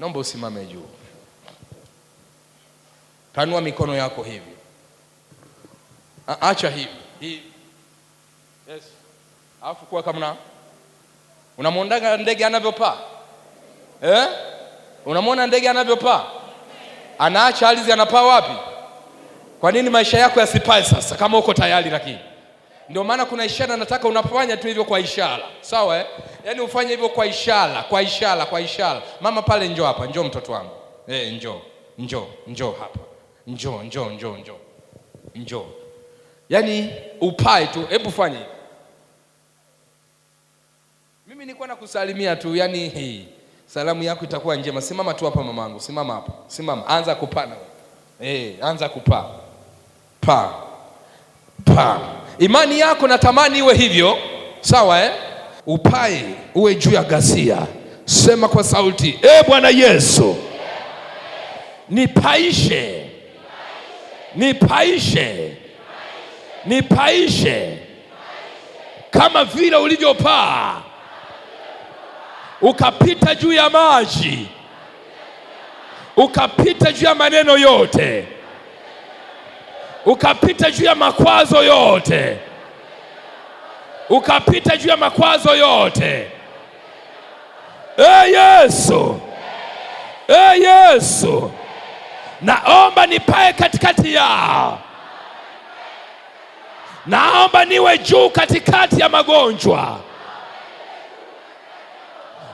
Naomba usimame juu, panua mikono yako hivi, acha hivi hivi, yes. Alafu kuwa kama unamwondaga ndege anavyopaa eh? Unamwona ndege anavyopaa, anaacha ardhi, anapaa wapi? Kwa nini maisha yako yasipae sasa, kama uko tayari lakini ndio maana kuna ishara nataka unafanya tu hivyo kwa ishara, sawa eh? Yaani ufanye hivyo kwa ishara, kwa ishara, kwa ishara. Mama pale, njoo hapa, njoo mtoto wangu eh, njoo, njoo, njoo hapa, njoo, njoo, njoo, njoo, njoo. Yaani upae tu, hebu fanye hivi. Mimi nilikuwa nakusalimia tu, yani hii salamu yako itakuwa njema. Simama tu hapa mamangu, simama hapa, simama, anza kupaa na wewe eh, anza kupaa, Pa. Pa. pa. Imani yako natamani iwe hivyo, sawa eh? upae uwe juu ya ghasia. Sema kwa sauti, e Bwana Yesu, nipaishe, nipaishe, nipaishe kama vile ulivyopaa ukapita juu ya maji ukapita juu ya maneno yote ukapita juu ya makwazo yote, ukapita juu ya makwazo yote. E Yesu, e Yesu, naomba nipae katikati yao, naomba niwe juu katikati ya magonjwa,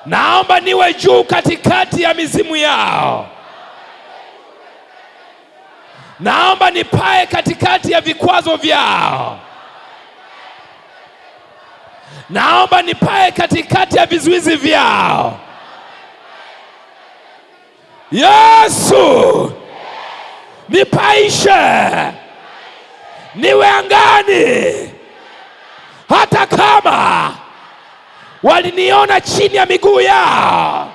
naomba niwe juu katikati ya mizimu yao Naomba nipae katikati ya vikwazo vyao. Naomba nipae katikati ya vizuizi vyao. Yesu, nipaishe, niwe angani, hata kama waliniona chini ya miguu yao,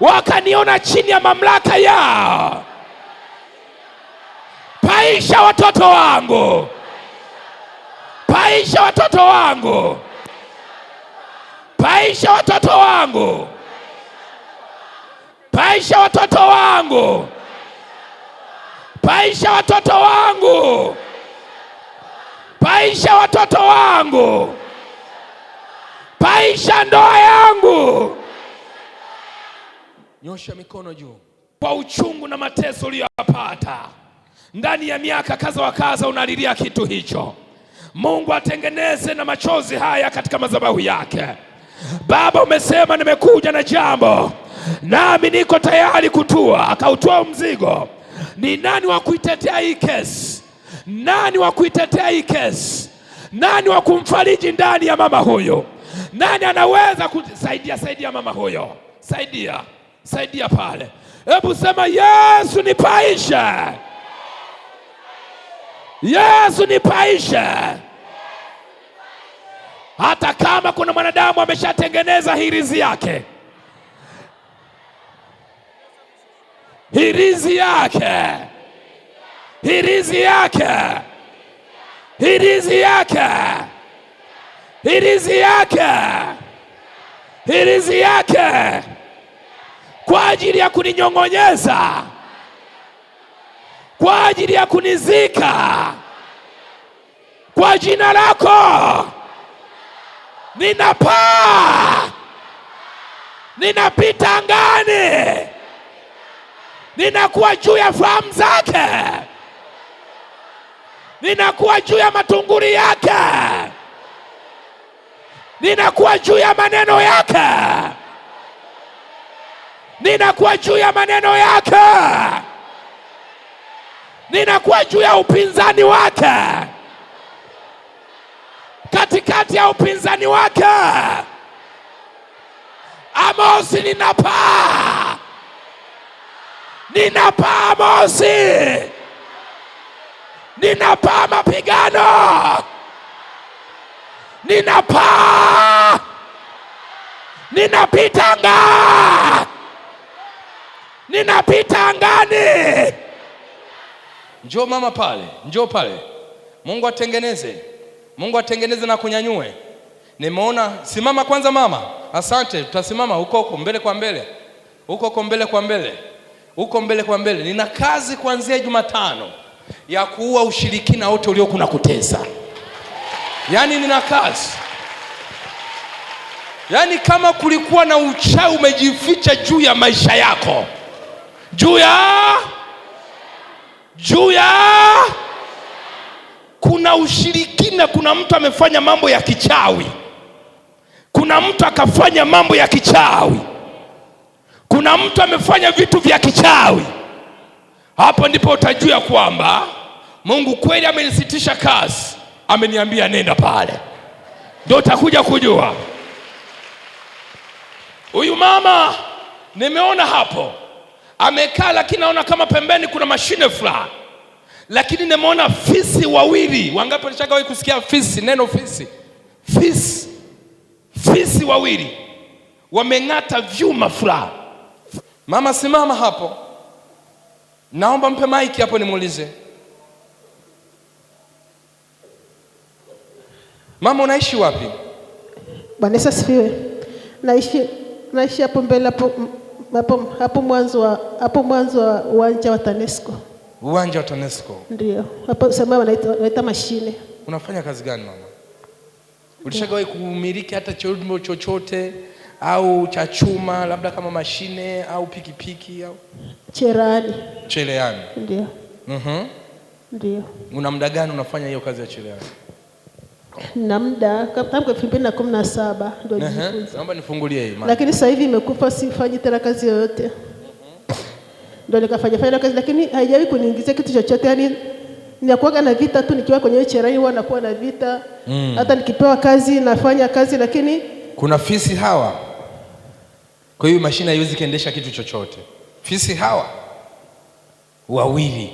wakaniona chini ya mamlaka yao paisha watoto wangu, paisha watoto wangu, paisha watoto wangu, paisha watoto wangu, paisha watoto wangu, paisha watoto wangu, paisha ndoa yangu. Nyosha mikono juu kwa uchungu na mateso uliyopata ndani ya miaka kaza wa kaza unalilia kitu hicho. Mungu atengeneze na machozi haya katika madhabahu yake. Baba, umesema nimekuja na jambo, nami niko tayari kutua. Akautua mzigo. Ni nani wa kuitetea hii kesi? Nani wa kuitetea hii kesi? Nani wa kumfariji ndani ya mama huyo? Nani anaweza kusaidia? Saidia mama huyo, saidia, saidia pale. Hebu sema Yesu nipaishe. Yesu nipaishe. Hata kama kuna mwanadamu ameshatengeneza hirizi yake, hirizi yake, hirizi yake, hirizi yake, hirizi yake, hirizi yake, kwa ajili ya kuninyong'onyeza kwa ajili ya kunizika kwa jina lako. Ninapaa, ninapita angani, ninakuwa juu ya fahamu zake, ninakuwa juu ya matunguri yake, ninakuwa juu ya maneno yake, ninakuwa juu ya maneno yake ninakuwa juu ya upinzani wake, katikati ya upinzani wake. Amosi, ninapaa, ninapaa Amosi, ninapaa mapigano, ninapaa, ninapita ngaa ninapita angani Njoo mama pale, njoo pale. Mungu atengeneze, Mungu atengeneze na kunyanyue. Nimeona, simama kwanza mama. Asante, tutasimama huko huko mbele kwa mbele, huko huko mbele kwa mbele, huko mbele kwa mbele. Nina kazi kuanzia Jumatano ya kuua ushirikina wote uliokuna kutesa. Yaani nina kazi, yaani kama kulikuwa na uchawi umejificha juu ya maisha yako, juu ya juu ya kuna ushirikina. Kuna mtu amefanya mambo ya kichawi, kuna mtu akafanya mambo ya kichawi, kuna mtu amefanya vitu vya kichawi. Hapo ndipo utajua kwamba Mungu kweli amenisitisha kazi, ameniambia nenda pale, ndio utakuja kujua. Huyu mama nimeona hapo amekaa, lakini naona kama pembeni kuna mashine fulani, lakini nimeona fisi wawili. Wangapi walishagawahi kusikia fisi, neno fisi? Fisi, fisi wawili wameng'ata vyuma fulani. Mama, simama hapo, naomba mpe maiki hapo nimuulize. Mama, unaishi wapi? Bwana Yesu asifiwe. Naishi naishi hapo mbele hapo hapo hapo mwanzo wa hapo mwanzo wa uwanja wa TANESCO. Uwanja wa TANESCO ndio hapo sema wanaita, wanaita mashine. Unafanya kazi gani mama? Ulishagawai kumiliki hata chombo chochote au cha chuma labda kama mashine au pikipiki au cherani? Cherehani ndio. Mhm, ndio. Una muda gani unafanya hiyo kazi ya cherani? na muda tangu elfu mbili na kumi na saba ndio nijifunza. Naomba nifungulie hii. Lakini sasa hivi imekufa, sifanyi tena kazi yoyote, mhm. ndio nikafanya fanya kazi, lakini haijawahi kuniingizia kitu chochote yani ninakuwaga na vita tu, nikiwa kwenye hiyo huwa nakuwa na vita mm. Hata nikipewa kazi nafanya kazi, lakini kuna fisi hawa. Kwa hiyo mashine haiwezi kaendesha kitu chochote, fisi hawa wawili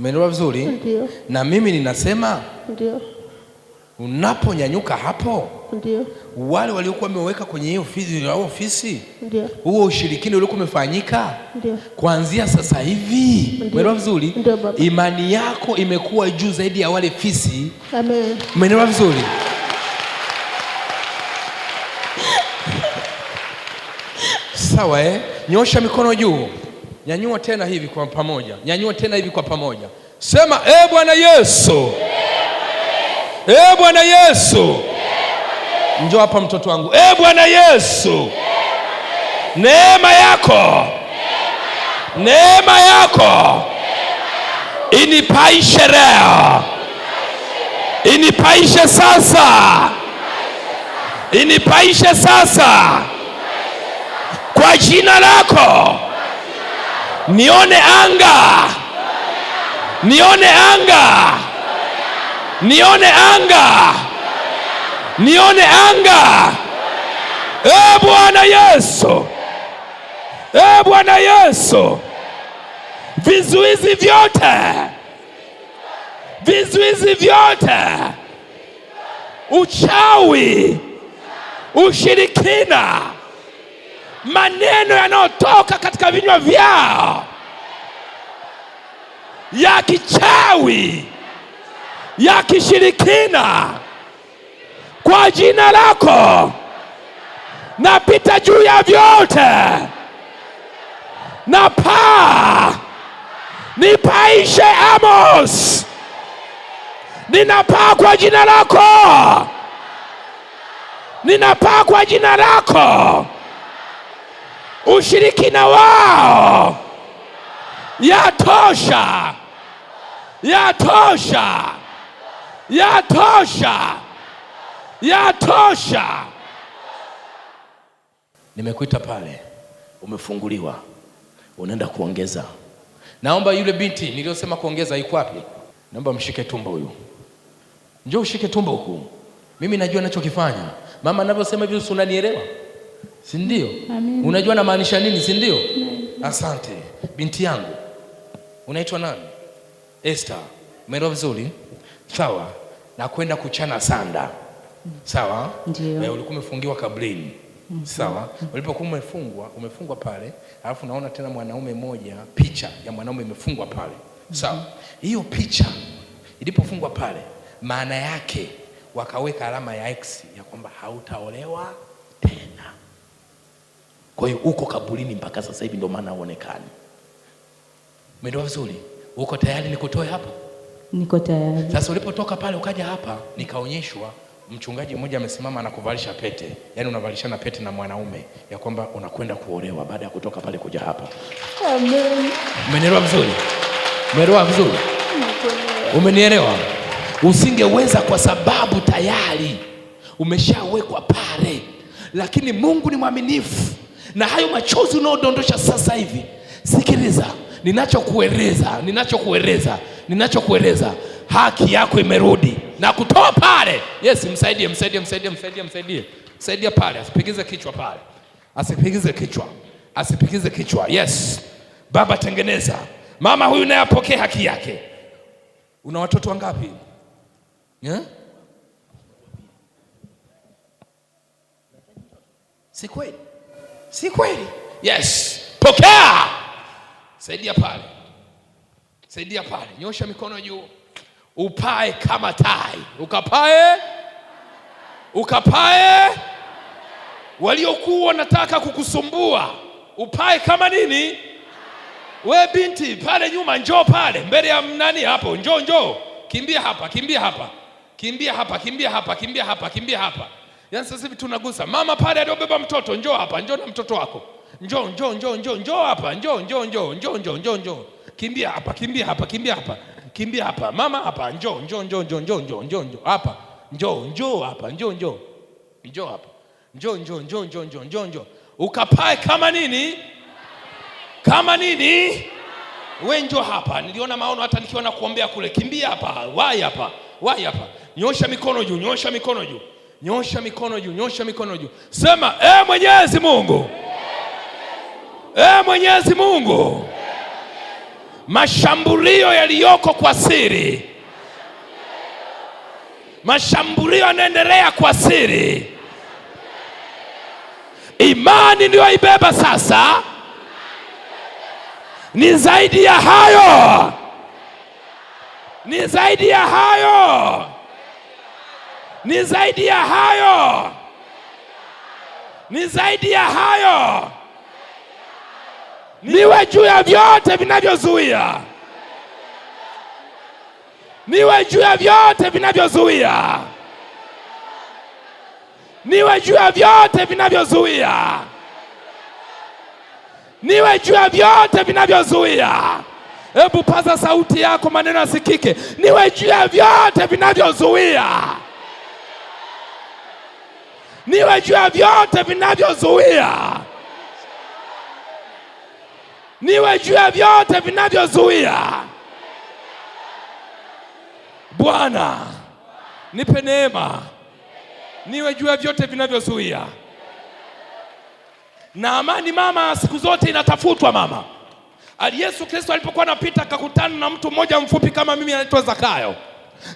Umeelewa vizuri? Na mimi ninasema Ndiyo. Unaponyanyuka hapo Ndiyo. Wale waliokuwa wameweka kwenye hiyo ofisi au ofisi huo ushirikini uliokuwa umefanyika kuanzia sasa hivi, umeelewa vizuri? Imani yako imekuwa juu zaidi ya wale fisi. Amen. Umeelewa vizuri? Sawa eh? Nyosha mikono juu. Nyanyua tena hivi kwa pamoja, nyanyua tena hivi kwa pamoja, sema e Bwana Yesu, e Bwana Yesu, njoo hapa mtoto wangu, e Bwana Yesu, neema yako, neema yako inipaishe leo, inipaishe sasa, inipaishe sasa, kwa jina lako nione anga, nione anga, nione anga, nione anga. E Bwana Yesu, e Bwana Yesu, vizuizi vyote, vizuizi vyote, uchawi, ushirikina maneno yanayotoka katika vinywa vyao ya kichawi, ya kishirikina, kwa jina lako napita juu ya vyote na paa nipaishe. Amos, ninapaa kwa jina lako, ninapaa kwa jina lako ushirikina wao. Yatosha, yatosha, yatosha, yatosha. Nimekuita pale, umefunguliwa, unaenda kuongeza. Naomba yule binti niliyosema kuongeza iko wapi? Naomba mshike tumbo huyu, njoo ushike tumbo huku. Mimi najua nachokifanya Mama anavyosema hivyo, unanielewa? si ndio? Unajua namaanisha nini, si ndio? Asante binti yangu, unaitwa nani? Esther. Umeelewa vizuri? Sawa, nakwenda kuchana sanda. Sawa, eh, ulikuwa umefungiwa kablini mhm. Sawa, ulipokuwa umefungwa umefungwa pale, alafu naona tena mwanaume mmoja, picha ya mwanaume imefungwa pale. Mhm. Sawa, hiyo picha ilipofungwa pale, maana yake wakaweka alama ya X ya kwamba hautaolewa kwa hiyo uko kaburini mpaka sasa hivi, ndio maana uonekani. Umeelewa vizuri? Uko tayari nikutoe hapo? Niko tayari. Sasa ulipotoka pale ukaja hapa, nikaonyeshwa mchungaji mmoja amesimama kuvalisha pete, yaani unavalishana pete na mwanaume ya kwamba unakwenda kuolewa baada ya kutoka pale kuja hapa. Amen. Umenielewa vizuri? Umeelewa vizuri? Umenielewa? Usingeweza kwa sababu tayari umeshawekwa pale, lakini Mungu ni mwaminifu na hayo machozi unaodondosha sasa hivi, sikiliza ninachokueleza, ninachokueleza, ninachokueleza, haki yako imerudi na kutoa pale. Yes, msaidie, msaidie, msaidie, msaidie, msaidie, msaidia pale, asipigize kichwa pale, asipigize kichwa, asipigize kichwa. Yes Baba, tengeneza mama huyu, naye apokee haki yake. Una watoto wangapi yeah? si kweli? si kweli? Yes, pokea. Saidia pale, saidia pale, nyosha mikono juu, upae kama tai, ukapae, ukapae. Waliokuwa wanataka kukusumbua upae kama nini? We binti pale nyuma, njoo pale mbele ya nani hapo, njoo njoo, kimbia hapa, kimbia hapa, kimbia hapa, kimbia hapa, kimbia hapa, kimbia hapa Yaani sasa hivi tunagusa mama pale aliyobeba mtoto, njoo hapa, njoo na mtoto wako, njoo njoo njoo njoo njoo hapa, njoo njoo njoo njoo njoo njoo njoo, kimbia hapa, kimbia hapa, kimbia hapa, kimbia hapa, mama hapa, njoo njoo njoo njoo njoo njoo njoo njoo hapa, njoo njoo hapa, njoo njoo njoo hapa, njoo njoo njoo njoo njoo njoo njoo, ukapae kama nini, kama nini, we njoo hapa. Niliona maono hata nikiwa nakuombea kule, kimbia hapa, wai hapa, wai hapa, nyosha mikono juu, nyosha mikono juu Nyosha mikono juu, nyosha mikono juu, sema e Mwenyezi Mungu, e Mwenyezi Mungu, mashambulio yaliyoko kwa siri, mashambulio yanaendelea kwa siri, imani niliyoibeba sasa ni zaidi ya hayo, ni zaidi ya hayo ni zaidi ya hayo, ni zaidi ya hayo. Niwe juu ya vyote vinavyozuia, niwe juu ya vyote vinavyozuia, niwe juu ya vyote vinavyozuia, niwe juu ya vyote vinavyozuia. Hebu paza sauti yako, maneno yasikike. Niwe juu ya vyote vinavyozuia niwe juu ya vyote vinavyozuia, niwe juu ya vyote vinavyozuia. Bwana nipe neema, niwe juu ya vyote vinavyozuia. Na amani mama, siku zote inatafutwa mama. Ali Yesu Kristo alipokuwa anapita akakutana na mtu mmoja mfupi kama mimi, anaitwa Zakayo.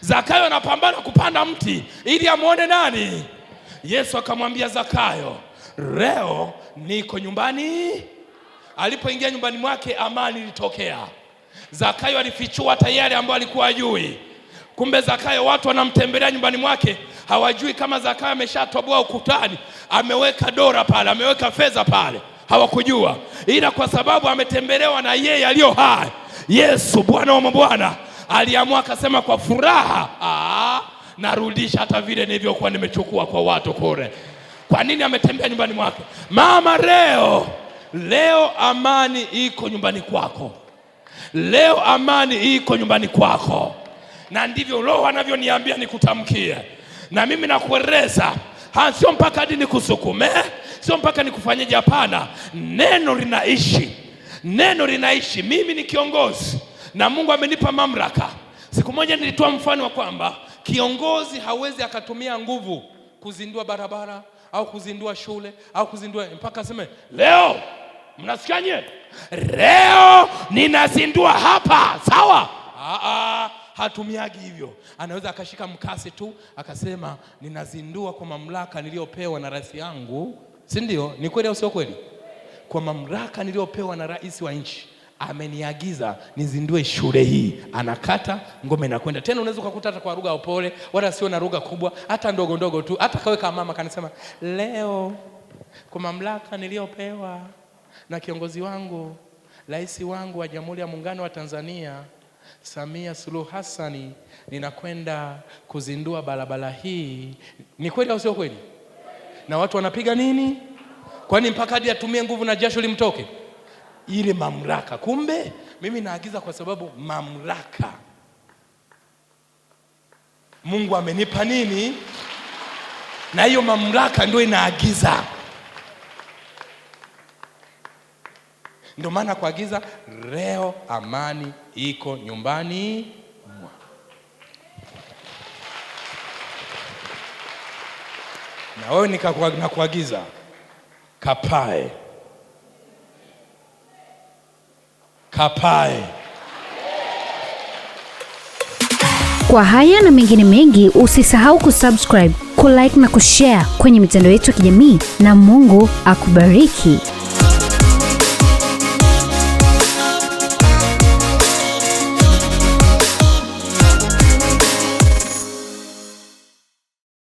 Zakayo anapambana kupanda mti ili amwone nani? Yesu akamwambia Zakayo, leo niko nyumbani. Alipoingia nyumbani mwake amani ilitokea. Zakayo alifichua tayari ambayo alikuwa ajui. Kumbe Zakayo watu wanamtembelea nyumbani mwake hawajui kama Zakayo ameshatoboa ukutani, ameweka dora pale, ameweka fedha pale, hawakujua. Ila kwa sababu ametembelewa na yeye aliyo hai, Yesu Bwana wa mabwana, aliamua akasema kwa furaha Aa, narudisha hata vile nilivyokuwa nimechukua kwa watu kule. Kwa nini ametembea nyumbani mwake? Mama, leo leo amani iko nyumbani kwako, leo amani iko nyumbani kwako, na ndivyo Roho anavyoniambia nikutamkie, na mimi nakueleza sio mpaka hadi nikusukume, sio mpaka nikufanyeje. Hapana, neno linaishi, neno linaishi. Mimi ni kiongozi na Mungu amenipa mamlaka. Siku moja nilitoa mfano wa kwamba Kiongozi hawezi akatumia nguvu kuzindua barabara au kuzindua shule au kuzindua mpaka aseme leo, mnasikia leo ninazindua hapa, sawa? Aa, hatumiagi hivyo. Anaweza akashika mkasi tu akasema ninazindua kwa mamlaka niliyopewa na rais yangu, si ndio? Ni kweli au sio kweli? Kwa mamlaka niliyopewa na rais wa nchi ameniagiza nizindue shule hii, anakata ngome inakwenda. Tena unaweza ukakuta hata kwa lugha ya upole, wala sio na lugha kubwa, hata ndogo ndogo tu, hata kaweka mama kanasema, leo kwa mamlaka niliyopewa na kiongozi wangu, rais wangu wa Jamhuri ya Muungano wa Tanzania Samia Suluhu Hassani, ninakwenda kuzindua barabara hii. Ni kweli au sio kweli? Na watu wanapiga nini? Kwani mpaka hadi atumie nguvu na jasho limtoke? ile mamlaka. Kumbe mimi naagiza kwa sababu mamlaka Mungu amenipa nini, na hiyo mamlaka ndio inaagiza. Ndio maana kuagiza, leo amani iko nyumbani Na wewe nikakuagiza kapae Kapae. Kwa haya na mengine mengi, usisahau kusubscribe, kulike na kushare kwenye mitandao yetu ya kijamii, na Mungu akubariki.